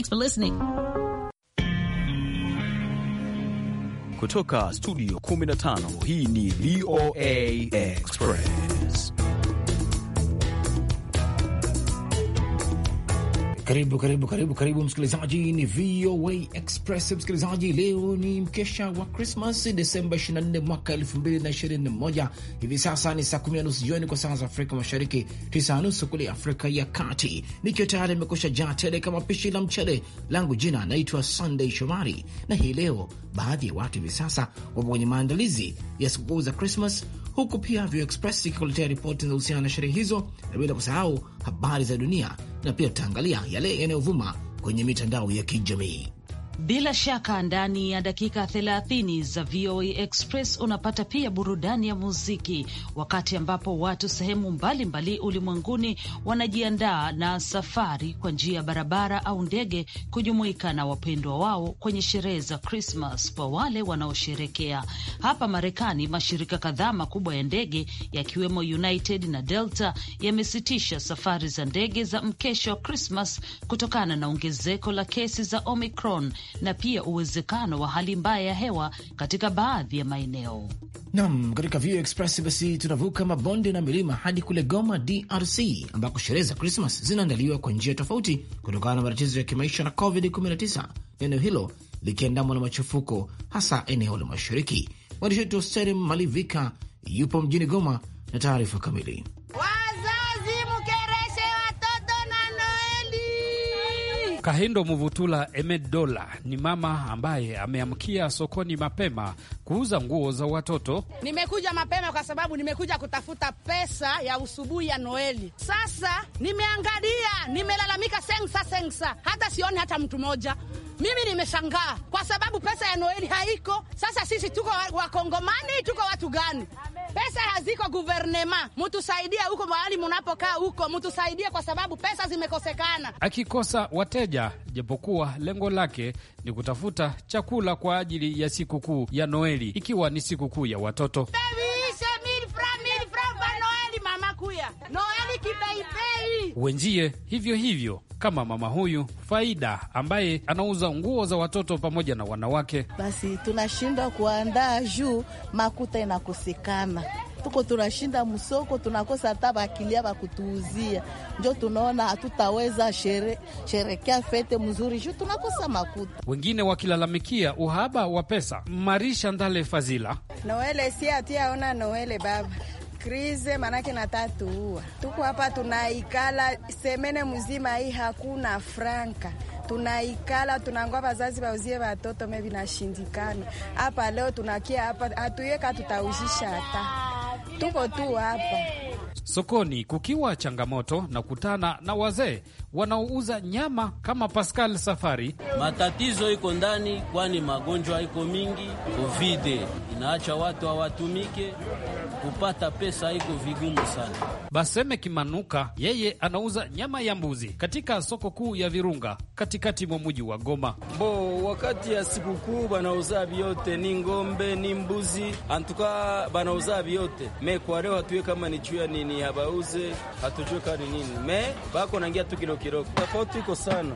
Thanks for listening. Kutoka studio 15 hii ni VOA Express. Karibu karibu karibu karibu msikilizaji, ni VOA Express. Msikilizaji, leo ni mkesha wa Krismas, Desemba 24 mwaka 2021. Hivi sasa ni saa kumi na nusu jioni kwa saa za Afrika Mashariki, tisa na nusu kule Afrika ya Kati, nikiwa tayari imekusha jaa tele kama pishi la mchele langu. Jina naitwa Sunday Shomari, na hii leo baadhi ya watu hivi sasa wapo kwenye maandalizi ya sikukuu za Krismas huku pia Vio Express ikikuletea ripoti husiana na sherehe hizo, na bila kusahau habari za dunia, na pia tutaangalia yale yanayovuma kwenye mitandao ya kijamii. Bila shaka ndani ya dakika 30 za VOA Express unapata pia burudani ya muziki, wakati ambapo watu sehemu mbalimbali ulimwenguni wanajiandaa na safari kwa njia ya barabara au ndege kujumuika na wapendwa wao kwenye sherehe za Krismas kwa wale wanaosherekea. Hapa Marekani, mashirika kadhaa makubwa ya ndege yakiwemo United na Delta yamesitisha safari za ndege za mkesho wa Krismas kutokana na ongezeko la kesi za Omicron na pia uwezekano wa hali mbaya ya hewa katika baadhi ya maeneo. Nam, katika VOA Express basi tunavuka mabonde na milima hadi kule Goma, DRC, ambako sherehe za Krismas zinaandaliwa kwa njia tofauti kutokana na matatizo ya kimaisha na COVID-19, eneo hilo likiandamwa na machafuko, hasa eneo la mashariki. Mwandishi wetu Sterim Malivika yupo mjini Goma na taarifa kamili. Wow! Kahindo Muvutula Emed Dola ni mama ambaye ameamkia sokoni mapema kuuza nguo za watoto. Nimekuja mapema kwa sababu nimekuja kutafuta pesa ya usubuhi ya Noeli. Sasa nimeangalia, nimelalamika sengsa sengsa, hata sioni hata mtu mmoja mimi nimeshangaa kwa sababu pesa ya Noeli haiko. Sasa sisi tuko wakongomani tuko watu gani? Pesa haziko guvernema, mutusaidia huko mahali munapokaa huko, mutusaidia kwa sababu pesa zimekosekana. Akikosa wateja, japokuwa lengo lake ni kutafuta chakula kwa ajili ya sikukuu ya Noeli, ikiwa ni sikukuu ya watoto Baby, wenjie hivyo hivyo kama mama huyu Faida ambaye anauza nguo za watoto pamoja na wanawake. Basi tunashindwa kuandaa juu makuta inakosekana, tuko tunashinda msoko, tunakosa hata vakilia bakutuuzia, njo tunaona hatutaweza shere, sherekea fete mzuri juu tunakosa makuta. Wengine wakilalamikia uhaba wa pesa. Marisha Ndale Fazila, noele si atiaona noele baba krize, manake natatuua. Tuko hapa tunaikala semene mzima hii, hakuna franka tunaikala tunangoa wazazi wauzie watoto na shindikana Hapa leo tunakia hapa, hatuyeka tutauzisha hata, tuko tu hapa sokoni. Kukiwa changamoto na kutana na wazee wanaouza nyama kama Pascal Safari. Matatizo iko ndani, kwani magonjwa iko mingi. Covid inaacha watu hawatumike, kupata pesa iko vigumu sana. Baseme Kimanuka yeye anauza nyama ya mbuzi katika soko kuu ya Virunga katikati mwa muji wa Goma. Bo, wakati ya sikukuu banauza vyote, ni ngombe ni mbuzi, antuka banauza vyote. Me kwa leo hatuwe kama ni chuya nini habauze, hatujue kani nini me bako nangia tu kilo kidogo, tofauti iko sana.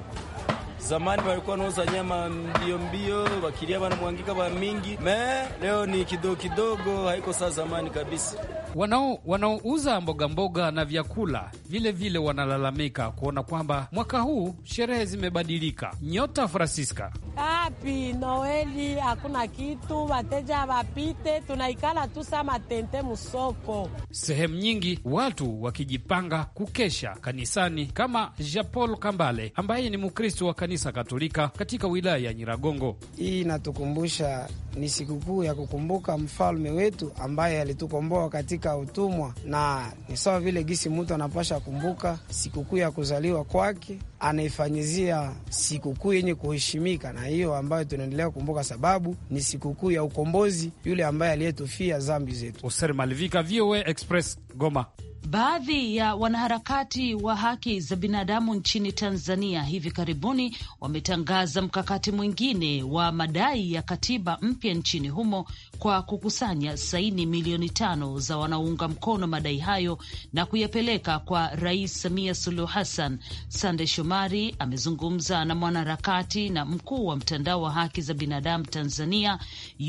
Zamani walikuwa nauza nyama mbio mbio, wakilia wanamwangika wa mingi me, leo ni kidogo kidogo, haiko saa zamani kabisa. Wanao wanaouza mboga mboga na vyakula vile vile wanalalamika kuona kwamba mwaka huu sherehe zimebadilika. Nyota Francisca: api Noeli hakuna kitu, wateja wapite, tunaikala tu sama matente musoko. Sehemu nyingi watu wakijipanga kukesha kanisani, kama Japol Kambale ambaye ni Mkristo wa kanisa Katolika katika wilaya ya Nyiragongo. Hii inatukumbusha ni sikukuu ya kukumbuka mfalme wetu ambaye alitukomboa katika utumwa, na ni sawa vile gisi mtu anapasha kumbuka sikukuu ya kuzaliwa kwake, anaifanyizia sikukuu yenye kuheshimika, na hiyo ambayo tunaendelea kukumbuka, sababu ni sikukuu ya ukombozi yule ambaye aliyetufia zambi zetu. Oser Malivika, VOA Express, Goma. Baadhi ya wanaharakati wa haki za binadamu nchini Tanzania hivi karibuni wametangaza mkakati mwingine wa madai ya katiba mpya nchini humo kwa kukusanya saini milioni tano za wanaounga mkono madai hayo na kuyapeleka kwa Rais Samia Suluhu Hassan. Sande Shomari amezungumza na mwanaharakati na mkuu wa mtandao wa haki za binadamu Tanzania,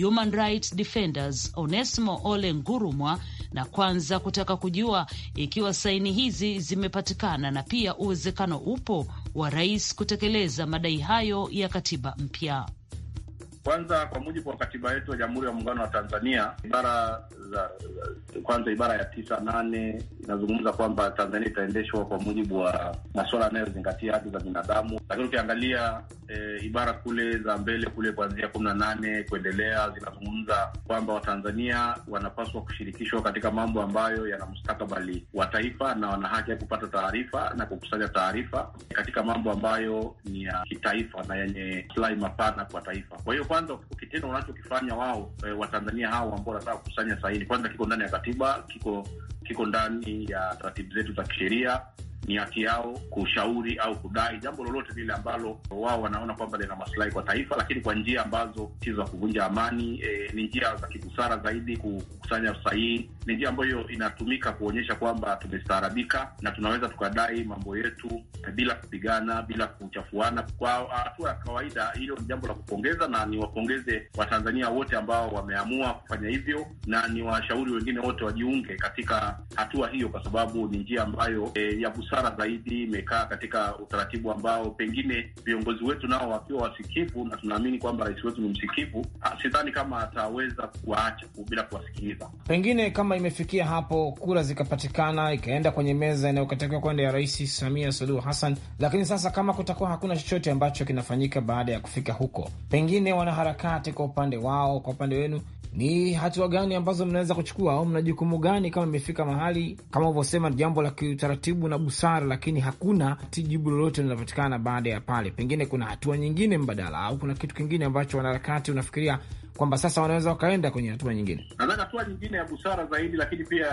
Human Rights Defenders, Ole Ngurumwa, na kwanza kutaka kujua ikiwa saini hizi zimepatikana na pia uwezekano upo wa rais kutekeleza madai hayo ya katiba mpya. Kwanza, kwa mujibu wa katiba yetu ya Jamhuri ya Muungano wa Tanzania, ibara za kwanza, ibara ya tisa nane inazungumza kwamba Tanzania itaendeshwa kwa mujibu wa masuala yanayozingatia haki za binadamu. Lakini ukiangalia e, ibara kule za mbele kule kuanzia kumi na nane kuendelea zinazungumza kwamba Watanzania wanapaswa kushirikishwa katika mambo ambayo yana mustakabali wa taifa na wana haki ya kupata taarifa na kukusanya taarifa katika mambo ambayo ni ya kitaifa na yenye maslahi mapana kwa taifa. Kwa hiyo kwanza kitendo wanachokifanya wao e, Watanzania hao ambao wanataka kukusanya saini, kwanza kiko ndani ya katiba, kiko kiko ndani ya taratibu zetu za kisheria ni haki yao kushauri au kudai jambo lolote lile ambalo wao wanaona kwamba lina masilahi kwa taifa, lakini kwa njia ambazo si za kuvunja amani. E, ni njia za kibusara zaidi kukusanya sahihi. Ni njia ambayo inatumika kuonyesha kwamba tumestaarabika na tunaweza tukadai mambo yetu bila kupigana, bila kuchafuana. Kwa hatua ya kawaida, hilo ni jambo la kupongeza, na niwapongeze Watanzania wote ambao wameamua kufanya hivyo, na niwashauri wengine wote wajiunge katika hatua hiyo, kwa sababu ni njia ambayo e, ya busara busara zaidi, imekaa katika utaratibu ambao pengine viongozi wetu nao wakiwa wasikivu, na tunaamini kwamba rais wetu ni msikivu, ah, sidhani kama ataweza kuwaacha bila kuwasikiliza. Pengine kama imefikia hapo, kura zikapatikana, ikaenda kwenye meza inayokatakiwa kwenda ya Rais Samia Suluhu Hassan, lakini sasa kama kutakuwa hakuna chochote ambacho kinafanyika baada ya kufika huko, pengine wanaharakati kwa upande wao, kwa upande wenu ni hatua gani ambazo mnaweza kuchukua au mna jukumu gani kama imefika mahali kama ulivyosema, jambo la kiutaratibu na busara, lakini hakuna jibu lolote linapatikana baada ya pale? Pengine kuna hatua nyingine mbadala au kuna kitu kingine ambacho wanaharakati unafikiria kwamba sasa wanaweza wakaenda kwenye hatua nyingine? Nadhani hatua nyingine ya busara zaidi, lakini pia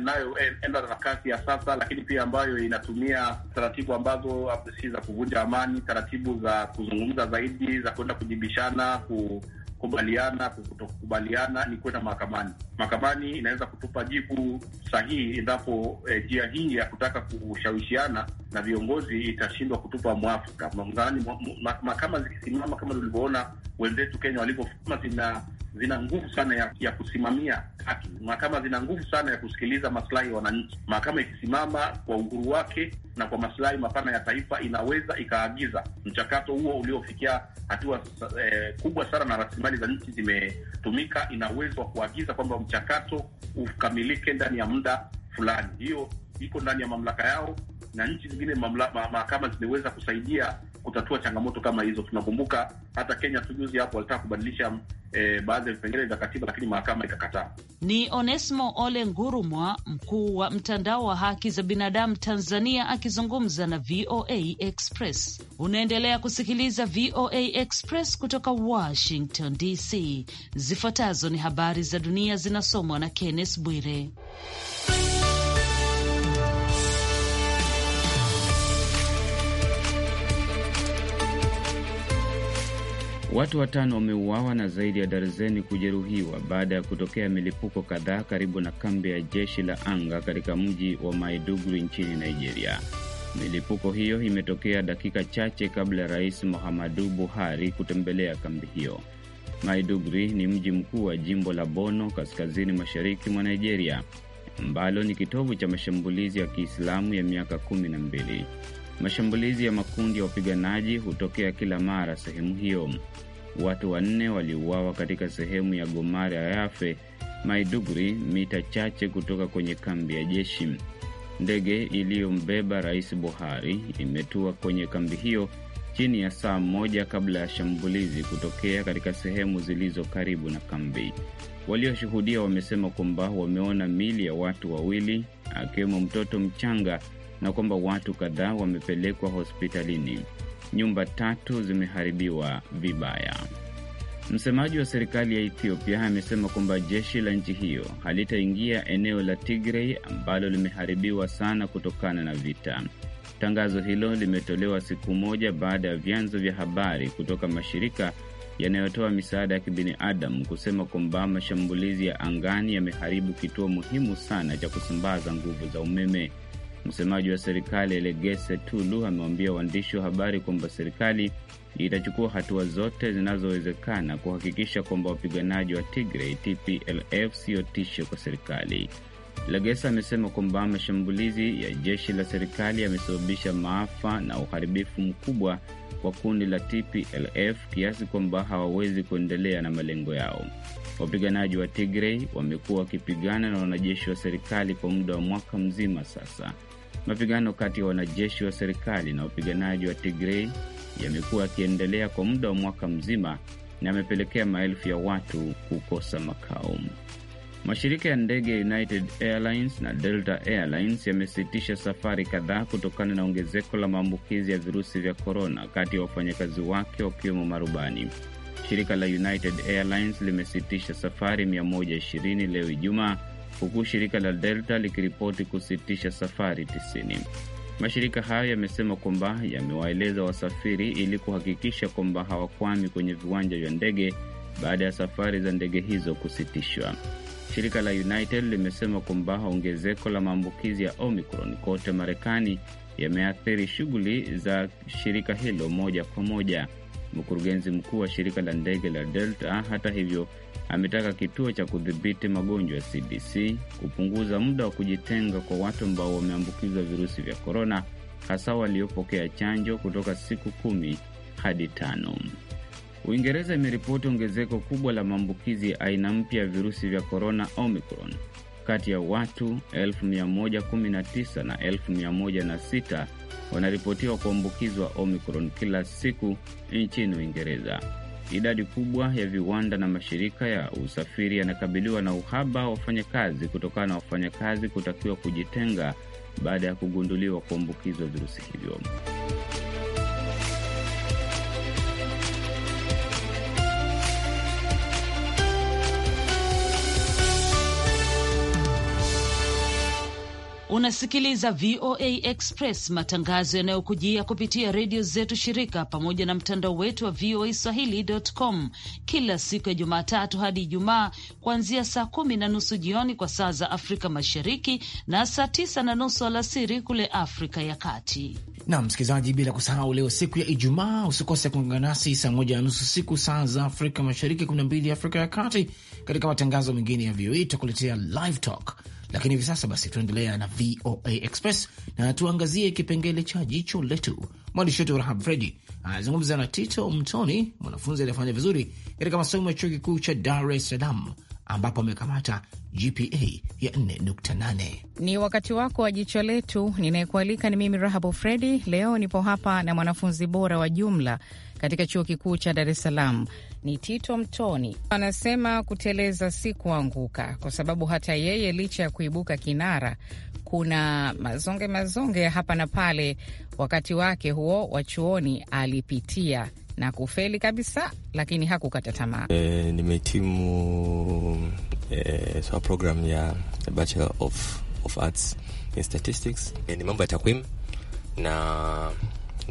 inayoenda na kasi ya sasa, lakini pia ambayo inatumia taratibu ambazo si za kuvunja amani, taratibu za kuzungumza zaidi, za kuenda kujibishana ku kukubaliana kutokukubaliana, ni kwenda mahakamani. Mahakamani inaweza kutupa jibu sahihi endapo eh, njia eh, hii ya kutaka kushawishiana na viongozi itashindwa kutupa mwafaka mzani. Mahakama zikisimama kama tulivyoona wenzetu Kenya walivyosema, zina zina nguvu sana ya, ya kusimamia haki. Mahakama zina nguvu sana ya kusikiliza maslahi ya wananchi. Mahakama ikisimama kwa uhuru wake na kwa maslahi mapana ya taifa, inaweza ikaagiza mchakato huo uliofikia hatua eh, kubwa sana na rasilimali za nchi zimetumika, ina uwezo wa kuagiza kwamba mchakato ukamilike ndani ya muda fulani. Hiyo iko ndani ya mamlaka yao na nchi zingine mahakama zimeweza kusaidia kutatua changamoto kama hizo. Tunakumbuka hata Kenya tujuzi hapo walitaka kubadilisha e, baadhi ya vipengele vya katiba, lakini mahakama ikakataa. Ni Onesmo Ole Ngurumwa, mkuu wa mtandao wa haki za binadamu Tanzania, akizungumza na VOA Express. Unaendelea kusikiliza VOA Express kutoka Washington DC. Zifuatazo ni habari za dunia zinasomwa na Kenneth Bwire. Watu watano wameuawa na zaidi ya darzeni kujeruhiwa baada ya kutokea milipuko kadhaa karibu na kambi ya jeshi la anga katika mji wa Maiduguri nchini Nigeria. Milipuko hiyo imetokea dakika chache kabla ya Rais Muhammadu Buhari kutembelea kambi hiyo. Maiduguri ni mji mkuu wa jimbo la bono kaskazini mashariki mwa Nigeria ambalo ni kitovu cha mashambulizi ya Kiislamu ya miaka kumi na mbili. Mashambulizi ya makundi ya wapiganaji hutokea kila mara sehemu hiyo. Watu wanne waliuawa katika sehemu ya Gomara Yafe, Maiduguri, mita chache kutoka kwenye kambi ya jeshi. Ndege iliyombeba Rais Buhari imetua kwenye kambi hiyo chini ya saa moja kabla ya shambulizi kutokea katika sehemu zilizo karibu na kambi. Walioshuhudia wamesema kwamba wameona mili ya watu wawili akiwemo mtoto mchanga na kwamba watu kadhaa wamepelekwa hospitalini. Nyumba tatu zimeharibiwa vibaya. Msemaji wa serikali ya Ethiopia amesema kwamba jeshi la nchi hiyo halitaingia eneo la Tigrei ambalo limeharibiwa sana kutokana na vita. Tangazo hilo limetolewa siku moja baada ya vyanzo vya habari kutoka mashirika yanayotoa misaada ya kibinadamu kusema kwamba mashambulizi ya angani yameharibu kituo muhimu sana cha kusambaza nguvu za umeme. Msemaji wa serikali Elegese Tulu amewambia waandishi wa habari kwamba serikali itachukua hatua zote zinazowezekana kuhakikisha kwamba wapiganaji wa Tigray TPLF siyo tisho kwa serikali. Legesa amesema kwamba mashambulizi ya jeshi la serikali yamesababisha maafa na uharibifu mkubwa kwa kundi la TPLF kiasi kwamba hawawezi kuendelea na malengo yao. Wapiganaji wa Tigray wamekuwa wakipigana na wanajeshi wa serikali kwa muda wa mwaka mzima sasa. Mapigano kati ya wanajeshi wa serikali na wapiganaji wa Tigrei yamekuwa yakiendelea kwa muda wa mwaka mzima na yamepelekea maelfu ya watu kukosa makao. Mashirika ya ndege ya United Airlines na Delta Airlines yamesitisha safari kadhaa kutokana na ongezeko la maambukizi ya virusi vya korona kati ya wafanyakazi wake wakiwemo marubani. Shirika la United Airlines limesitisha safari 120 leo Ijumaa huku shirika la Delta likiripoti kusitisha safari tisini. Mashirika hayo yamesema kwamba yamewaeleza wasafiri ili kuhakikisha kwamba hawakwami kwenye viwanja vya ndege baada ya safari za ndege hizo kusitishwa. Shirika la United limesema kwamba ongezeko la maambukizi ya Omicron kote Marekani yameathiri shughuli za shirika hilo moja kwa moja. Mkurugenzi mkuu wa shirika la ndege la Delta, hata hivyo, ametaka kituo cha kudhibiti magonjwa CDC kupunguza muda wa kujitenga kwa watu ambao wameambukizwa virusi vya korona, hasa waliopokea chanjo kutoka siku kumi hadi tano. Uingereza imeripoti ongezeko kubwa la maambukizi ya aina mpya ya virusi vya korona Omicron kati ya watu 119 na 1,106 wanaripotiwa kuambukizwa Omicron kila siku nchini Uingereza. Idadi kubwa ya viwanda na mashirika ya usafiri yanakabiliwa na uhaba wa wafanyakazi kutokana na wafanyakazi kutakiwa kujitenga baada ya kugunduliwa kuambukizwa virusi hivyo. Unasikiliza VOA Express, matangazo yanayokujia kupitia redio zetu shirika pamoja na mtandao wetu wa VOA Swahili.com kila siku ya Jumatatu hadi Ijumaa kuanzia saa kumi na nusu jioni kwa saa za Afrika Mashariki na saa tisa na nusu alasiri kule Afrika ya Kati. Na msikilizaji, bila kusahau, leo siku ya Ijumaa, usikose kuungana nasi saa moja na nusu siku saa za Afrika Mashariki, kumi na mbili Afrika ya Kati, katika matangazo mengine ya VOA tutakuletea Live Talk lakini hivi sasa basi tunaendelea na VOA Express na tuangazie kipengele cha jicho letu. Mwandishi wetu Rahab Fredi anazungumza na Tito Mtoni, mwanafunzi aliyefanya vizuri katika masomo ya chuo kikuu cha Dar es Salaam ambapo amekamata GPA ya 4.8. Ni wakati wako wa jicho letu. Ninayekualika ni mimi Rahabu Fredi. Leo nipo hapa na mwanafunzi bora wa jumla katika chuo kikuu cha Dar es Salaam ni Tito Mtoni. Anasema kuteleza si kuanguka, kwa sababu hata yeye licha ya kuibuka kinara, kuna mazonge mazonge hapa na pale. Wakati wake huo wa chuoni alipitia na kufeli kabisa, lakini hakukata tamaa. E, nimehitimu e, so program ya Bachelor of, of Arts in Statistics. E, ni mambo ya takwimu na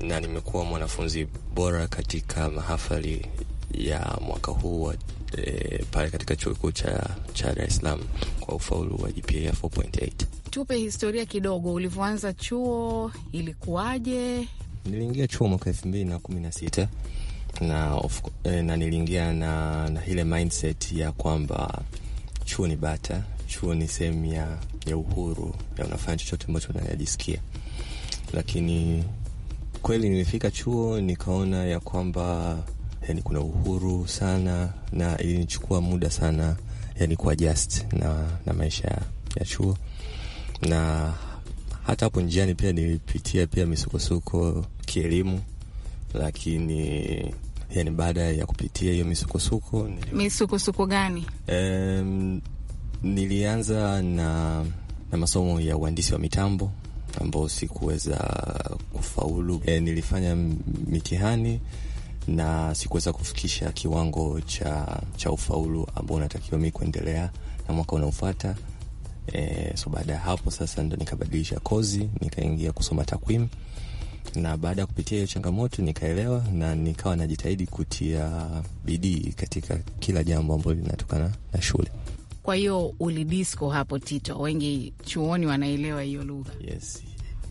na nimekuwa mwanafunzi bora katika mahafali ya mwaka huu wa e, pale katika chuo kikuu cha, cha Dar es Salaam kwa ufaulu wa GPA ya 4.8. Tupe historia kidogo, ulivyoanza chuo ilikuwaje? Niliingia chuo mwaka elfu mbili na kumi na sita na, eh, na niliingia na, na ile mindset ya kwamba chuo ni bata, chuo ni sehemu ya, ya uhuru ya unafanya chochote ambacho unayajisikia, lakini kweli nilifika chuo nikaona ya kwamba yani kuna uhuru sana, na ilinichukua muda sana yani kwa just na, na maisha ya chuo, na hata hapo njiani pia nilipitia pia misukosuko kielimu, lakini yani baada ya kupitia hiyo misukosuko nili... misukosuko gani? Um, nilianza na, na masomo ya uhandisi wa mitambo ambao sikuweza kufaulu. E, nilifanya mitihani na sikuweza kufikisha kiwango cha, cha ufaulu ambao unatakiwa mi kuendelea na mwaka unaofuata. E, so baada ya hapo sasa ndo nikabadilisha kozi nikaingia kusoma takwimu, na baada ya kupitia hiyo changamoto nikaelewa na nikawa najitahidi kutia bidii katika kila jambo ambalo linatokana na shule. Kwa hiyo ulidisco hapo, Tito, wengi chuoni wanaelewa hiyo lugha. Yes,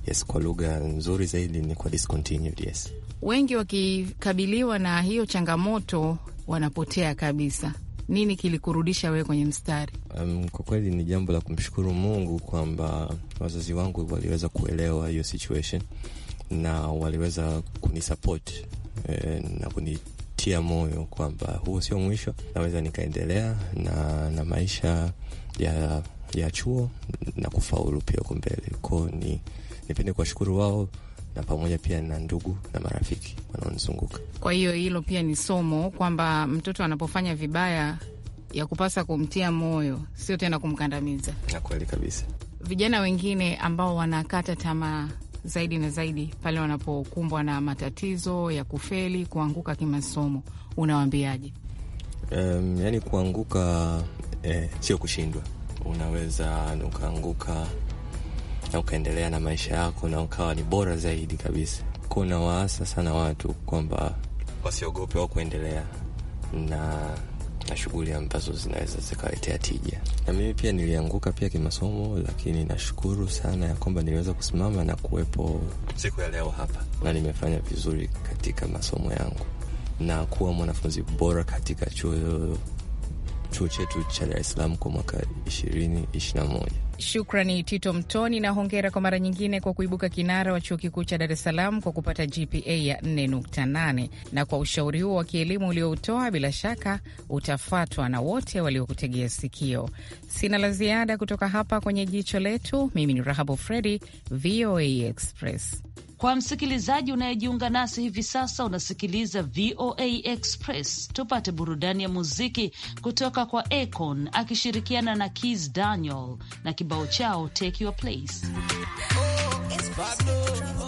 yes, kwa lugha nzuri zaidi ni kwa discontinued, yes wengi wakikabiliwa na hiyo changamoto wanapotea kabisa. Nini kilikurudisha wewe kwenye mstari? Um, kwa kweli ni jambo la kumshukuru Mungu kwamba wazazi wangu waliweza kuelewa hiyo situation na waliweza kunisupport eh, na kunitia moyo kwamba huo sio mwisho, naweza nikaendelea na, na maisha ya, ya chuo na kufaulu pia huko mbele. Kwao ni nipende kuwashukuru wao na pamoja pia na ndugu na marafiki wanaonizunguka. Kwa hiyo hilo pia ni somo kwamba mtoto anapofanya vibaya ya kupasa kumtia moyo, sio tena kumkandamiza. Na kweli kabisa, vijana wengine ambao wanakata tamaa zaidi na zaidi pale wanapokumbwa na matatizo ya kufeli, kuanguka kimasomo, unawaambiaje? Um, yani kuanguka eh, sio kushindwa. Unaweza ukaanguka na ukaendelea na maisha yako na ukawa ni bora zaidi kabisa. Kuna waasa sana watu kwamba wasiogope wa kuendelea na na shughuli ambazo zinaweza zikaletea tija. Na mimi pia nilianguka pia kimasomo, lakini nashukuru sana ya kwamba niliweza kusimama na kuwepo siku ya leo hapa, na nimefanya vizuri katika masomo yangu na kuwa mwanafunzi bora katika chuo chuo chetu cha Dar es Salaam kwa mwaka ishirini ishirini na moja. Shukrani Tito Mtoni, na hongera kwa mara nyingine kwa kuibuka kinara wa chuo kikuu cha Dar es Salaam kwa kupata GPA ya 4.8 na kwa ushauri huo wa kielimu ulioutoa, bila shaka utafatwa na wote waliokutegea sikio. Sina la ziada kutoka hapa kwenye jicho letu. Mimi ni Rahabu Fredi, VOA Express. Kwa msikilizaji unayejiunga nasi hivi sasa, unasikiliza VOA Express. Tupate burudani ya muziki kutoka kwa Akon akishirikiana na kis Daniel na kibao chao Take Your Place. Oh,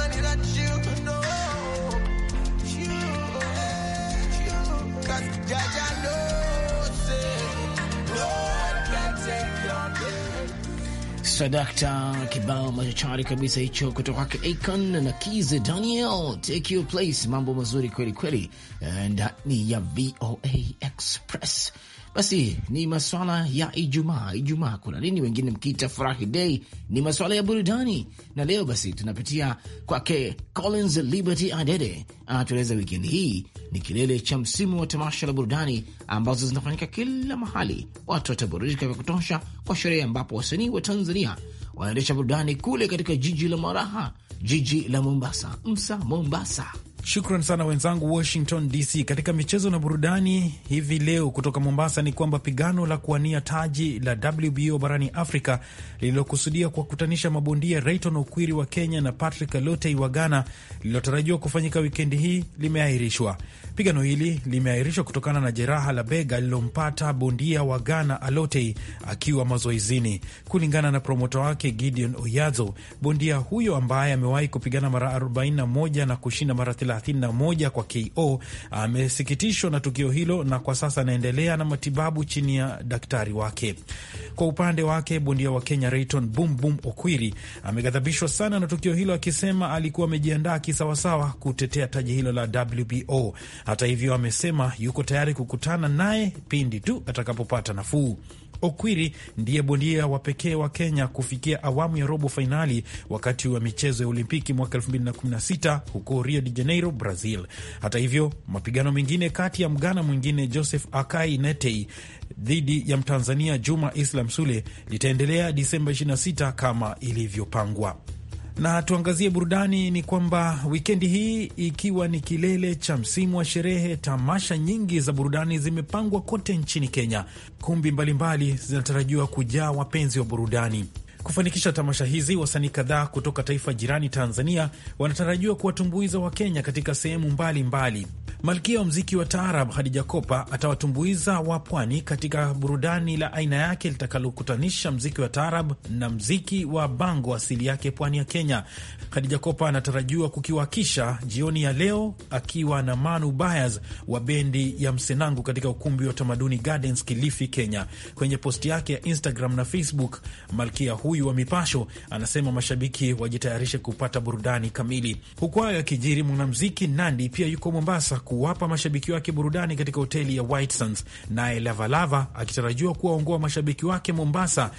somebody that you know. You, you. Cause Sadakta kibao machachari kabisa hicho kutoka kwake Akon na Kize Daniel, take your place. Mambo mazuri kweli kweli ndani ya VOA Express. Basi ni maswala ya Ijumaa. Ijumaa kuna nini, wengine mkiita furahi dei, ni maswala ya burudani. Na leo basi tunapitia kwake Collins Liberty Adede, anatueleza wikendi hii ni kilele cha msimu wa tamasha la burudani ambazo zinafanyika kila mahali. Watu wataburudika vya kutosha kwa sherehe, ambapo wasanii wa Tanzania wanaendesha burudani kule katika jiji la maraha, jiji la Mombasa, msa Mombasa. Shukran sana wenzangu Washington DC. Katika michezo na burudani hivi leo kutoka Mombasa ni kwamba pigano la kuwania taji la WBO barani Afrika lililokusudia kuwakutanisha mabondia Rayton Okwiri wa Kenya na Patrick Lotei wa Ghana lililotarajiwa kufanyika wikendi hii limeahirishwa. Pigano hili limeahirishwa kutokana na jeraha la bega lililompata bondia wa Ghana Alotei akiwa mazoezini. Kulingana na promota wake Gideon Oyazo, bondia huyo ambaye amewahi kupigana mara 41 na kushinda mara 31 kwa KO. Amesikitishwa na tukio hilo na kwa sasa anaendelea na matibabu chini ya daktari wake. Kwa upande wake, bondia wa Kenya Rayton Boom Boom Okwiri amegadhabishwa sana na tukio hilo, akisema alikuwa amejiandaa kisawasawa kutetea taji hilo la WBO. Hata hivyo, amesema yuko tayari kukutana naye pindi tu atakapopata nafuu. Okwiri ndiye bondia wa pekee wa Kenya kufikia awamu ya robo fainali wakati wa michezo ya Olimpiki mwaka 2016 huko Rio de Janeiro, Brazil. Hata hivyo, mapigano mengine kati ya mgana mwingine Joseph Akai Netei dhidi ya Mtanzania Juma Islam Sule litaendelea Disemba 26 kama ilivyopangwa. Na tuangazie burudani, ni kwamba wikendi hii ikiwa ni kilele cha msimu wa sherehe, tamasha nyingi za burudani zimepangwa kote nchini Kenya. Kumbi mbalimbali zinatarajiwa kujaa wapenzi wa burudani. Kufanikisha tamasha hizi, wasanii kadhaa kutoka taifa jirani Tanzania wanatarajiwa kuwatumbuiza Wakenya katika sehemu mbalimbali. Malkia wa mziki wa taarab Hadija Kopa atawatumbuiza wa pwani katika burudani la aina yake litakalokutanisha mziki wa taarab na mziki wa bango, asili yake pwani ya Kenya. Hadija Kopa anatarajiwa kukiwakisha jioni ya leo akiwa na Manu Byers wa bendi ya Msenangu katika ukumbi wa Tamaduni Gardens, Kilifi, Kenya. Kwenye posti yake ya Instagram na Facebook, malkia huyu wa Mipasho anasema mashabiki wajitayarishe kupata burudani kamili. Huku hayo yakijiri, mwanamziki Nandi pia yuko Mombasa kuwapa mashabiki wake burudani katika hoteli ya Whitesons, naye Lavalava akitarajiwa kuwaongoa mashabiki wake Mombasa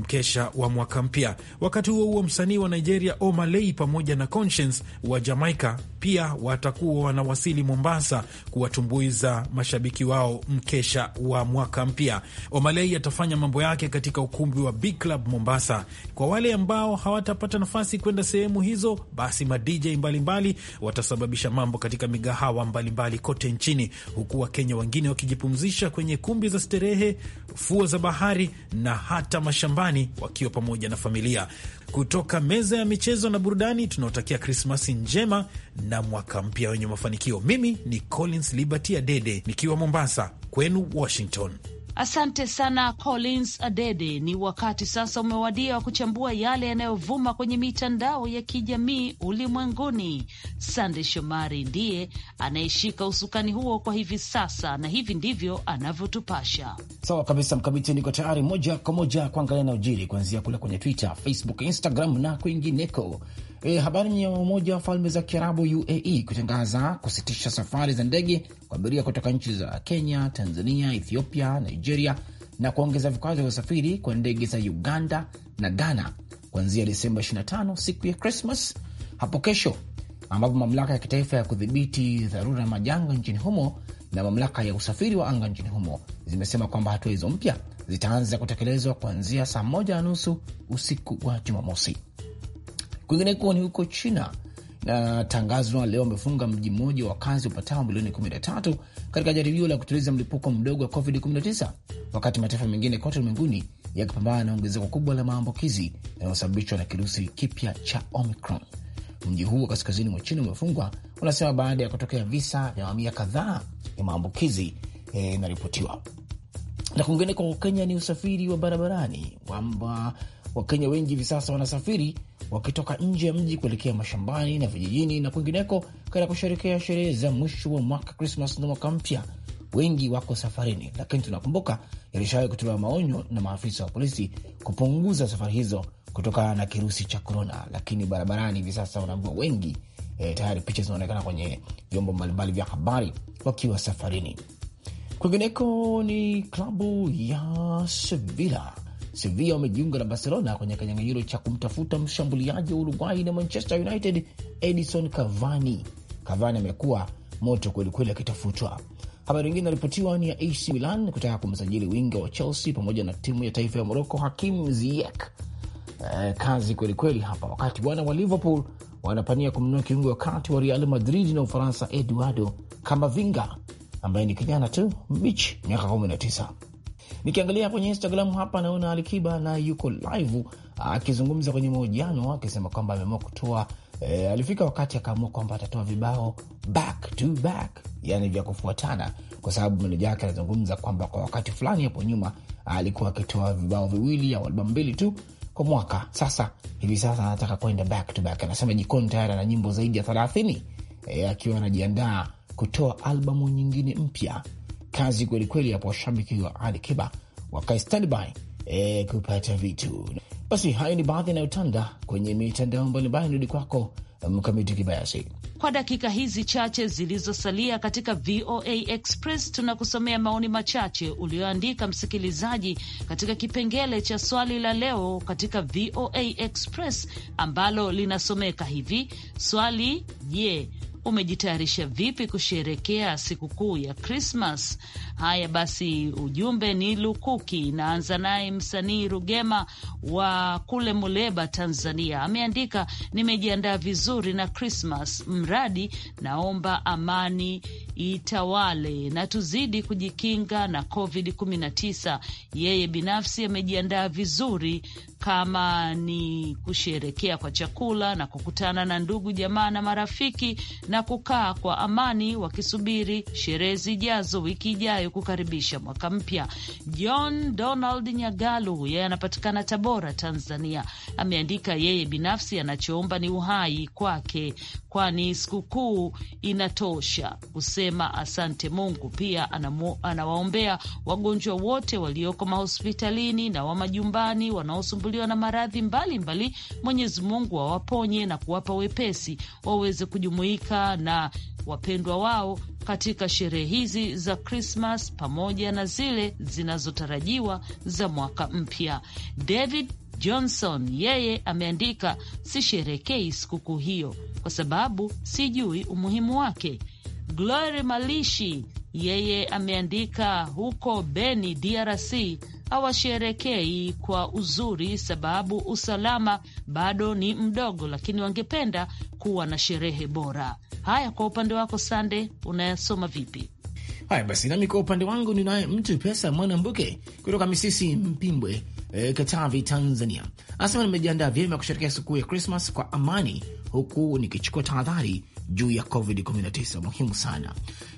mkesha wa mwaka mpya. Wakati huo huo, msanii wa Nigeria Omalei pamoja na Conscience wa Jamaica pia watakuwa wanawasili Mombasa kuwatumbuiza mashabiki wao mkesha wa mwaka mpya. Omalei atafanya mambo yake katika ukumbi wa Big Club Mombasa kwa wale ambao hawatapata nafasi kwenda sehemu hizo, basi madj mbalimbali watasababisha mambo katika migahawa mbalimbali mbali kote nchini, huku Wakenya wengine wakijipumzisha kwenye kumbi za sterehe, fuo za bahari na hata mashambani wakiwa pamoja na familia. Kutoka meza ya michezo na burudani, tunaotakia Krismasi njema na mwaka mpya wenye mafanikio. Mimi ni Collins Liberty Adede nikiwa Mombasa kwenu Washington. Asante sana Collins Adede. Ni wakati sasa umewadia wa kuchambua yale yanayovuma kwenye mitandao ya kijamii ulimwenguni. Sande Shomari ndiye anayeshika usukani huo kwa hivi sasa, na hivi ndivyo anavyotupasha. Sawa kabisa, Mkamiti, niko tayari moja kwa moja kuangalia na ujiri kuanzia kule kwenye Twitter, Facebook, Instagram Instagram na kwingineko. E, habari ya Umoja wa Falme za Kiarabu UAE kutangaza kusitisha safari za ndege kwa abiria kutoka nchi za Kenya, Tanzania, Ethiopia, Nigeria na kuongeza vikwazo vya usafiri kwa ndege za Uganda na Ghana kuanzia Desemba 25 siku ya Krismas hapo kesho, ambapo mamlaka ya kitaifa ya kudhibiti dharura ya majanga nchini humo na mamlaka ya usafiri wa anga nchini humo zimesema kwamba hatua hizo mpya zitaanza kutekelezwa kuanzia saa moja na nusu usiku wa Jumamosi. Kwingineko ni huko China na tangazo leo amefunga mji mmoja wa wakazi upatao milioni 13 katika jaribio la kutuliza mlipuko mdogo wa COVID-19, wakati mataifa mengine kote ulimwenguni yakipambana na ongezeko kubwa la maambukizi yanayosababishwa na kirusi kipya cha Omicron. Mji huu wa kaskazini mwa China umefungwa, unasema baada ya kutokea visa vya mamia kadhaa ya maambukizi eh, inaripotiwa E, na kwingineko kwa Kenya ni usafiri wa barabarani, kwamba Wakenya wengi hivi sasa wanasafiri wakitoka nje ya mji kuelekea mashambani na vijijini na kwingineko katika kusherekea sherehe za mwisho wa mwaka Krismas na mwaka mpya. Wengi wako safarini, lakini tunakumbuka yalishawahi kutolewa maonyo na maafisa wa polisi kupunguza safari hizo kutokana na kirusi cha korona, lakini barabarani hivi sasa wanaambiwa wengi eh, tayari picha zinaonekana kwenye vyombo mbalimbali vya habari wakiwa safarini. Kwingineko ni klabu ya Sevilla. Sevilla wamejiunga na Barcelona kwenye kinyang'anyiro cha kumtafuta mshambuliaji wa Uruguay na Manchester United Edison Cavani. Cavani amekuwa moto kwelikweli akitafutwa. Habari nyingine inaripotiwa ni ya AC Milan kutaka kumsajili winga wa Chelsea pamoja na timu ya taifa ya Moroko Hakim Ziyech. Eh, kazi kwelikweli hapa, wakati bwana wa Liverpool wanapania kumnunua kiungo wakati wa Real Madrid na Ufaransa Eduardo Camavinga ambaye ni kijana tu mbichi, miaka kumi na tisa. Nikiangalia kwenye Instagram hapa naona Alikiba na yuko live akizungumza kwenye mahojiano akisema kwamba ameamua kutoa e, alifika wakati akaamua kwamba atatoa vibao back to back, yani vya kufuatana, kwa sababu meneja yake anazungumza kwamba kwa wakati fulani hapo nyuma alikuwa akitoa vibao viwili au albamu mbili tu kwa mwaka. Sasa hivi sasa anataka kwenda back to back. Anasema jikoni tayari ana nyimbo zaidi ya thelathini eh, akiwa anajiandaa kutoa albamu nyingine mpya. Kazi kwelikweli hapo, washabiki wa Kiba wakae standby e, kupata vitu. Basi hayo ni baadhi yanayotanda kwenye mitandao mbalimbali. Nirudi kwako Mkamiti Kibayasi. Kwa dakika hizi chache zilizosalia katika VOA Express tunakusomea maoni machache ulioandika msikilizaji katika kipengele cha swali la leo katika VOA Express ambalo linasomeka hivi swali: Je, umejitayarisha vipi kusherekea sikukuu ya Krismas? Haya basi, ujumbe ni lukuki. Naanza naye msanii Rugema wa kule Muleba, Tanzania, ameandika nimejiandaa vizuri na Krismas, mradi naomba amani itawale na tuzidi kujikinga na COVID 19. Yeye binafsi amejiandaa vizuri kama ni kusherekea kwa chakula na kukutana na ndugu jamaa na marafiki na kukaa kwa amani wakisubiri sherehe zijazo wiki ijayo kukaribisha mwaka mpya. John Donald Nyagalu, yeye anapatikana Tabora, Tanzania, ameandika yeye binafsi anachoomba ni uhai kwake, kwani sikukuu inatosha kusema asante Mungu. Pia anamu, anawaombea wagonjwa wote walioko mahospitalini na wa majumbani wanaosumbua wanaosumbuliwa na maradhi mbalimbali, Mwenyezi Mungu awaponye na kuwapa wepesi waweze kujumuika na wapendwa wao katika sherehe hizi za Krismas pamoja na zile zinazotarajiwa za mwaka mpya. David Johnson yeye ameandika, sisherekei sikukuu hiyo kwa sababu sijui umuhimu wake. Glory Malishi yeye ameandika huko Beni, DRC hawasherekei kwa uzuri, sababu usalama bado ni mdogo, lakini wangependa kuwa na sherehe bora. Haya, kwa upande wako Sande, unayasoma vipi? Haya basi, nami kwa upande wangu ninaye mtu pesa Mwanambuke kutoka Misisi Mpimbwe, e, Katavi, Tanzania, anasema nimejiandaa vyema kusherekea sikukuu ya Krismas kwa amani, huku nikichukua tahadhari juu ya COVID 19 muhimu sana.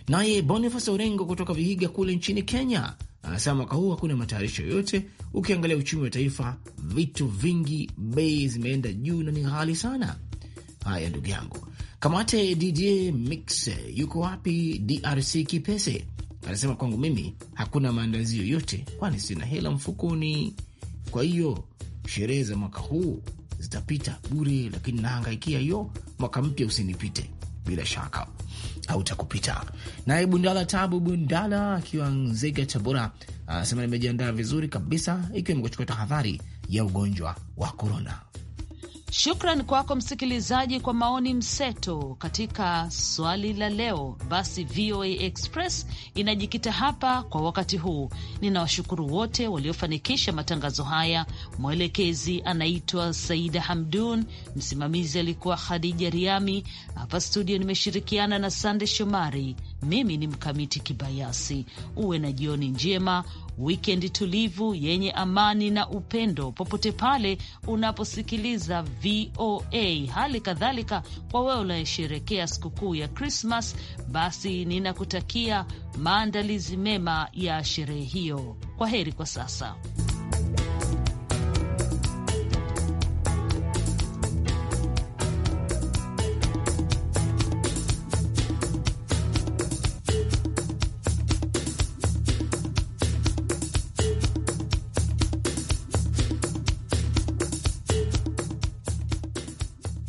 Naye bonifas Orengo kutoka Vihiga kule nchini Kenya anasema mwaka huu hakuna matayarisho yoyote. Ukiangalia uchumi wa taifa, vitu vingi bei zimeenda juu na ni ghali sana. Haya ndugu yangu, kamate DDA Mix yuko wapi? DRC Kipese anasema kwangu mimi hakuna maandazi yoyote, kwani sina hela mfukoni. Kwa hiyo sherehe za mwaka huu zitapita bure, lakini nahangaikia hiyo mwaka mpya usinipite. Bila shaka hautakupita. Naye Bundala Tabu Bundala akiwa Nzega, Tabora, anasema nimejiandaa vizuri kabisa, ikiwa imekuchukua tahadhari ya ugonjwa wa korona. Shukran kwako msikilizaji kwa maoni mseto katika swali la leo. Basi VOA Express inajikita hapa kwa wakati huu. Ninawashukuru wote waliofanikisha matangazo haya. Mwelekezi anaitwa Saida Hamdun, msimamizi alikuwa Khadija Riami. Hapa studio nimeshirikiana na Sande Shomari. Mimi ni Mkamiti Kibayasi. Uwe na jioni njema wikendi tulivu yenye amani na upendo popote pale unaposikiliza VOA. Hali kadhalika kwa wewe unayesherekea sikukuu ya Krismas, basi ninakutakia maandalizi mema ya sherehe hiyo. Kwa heri kwa sasa.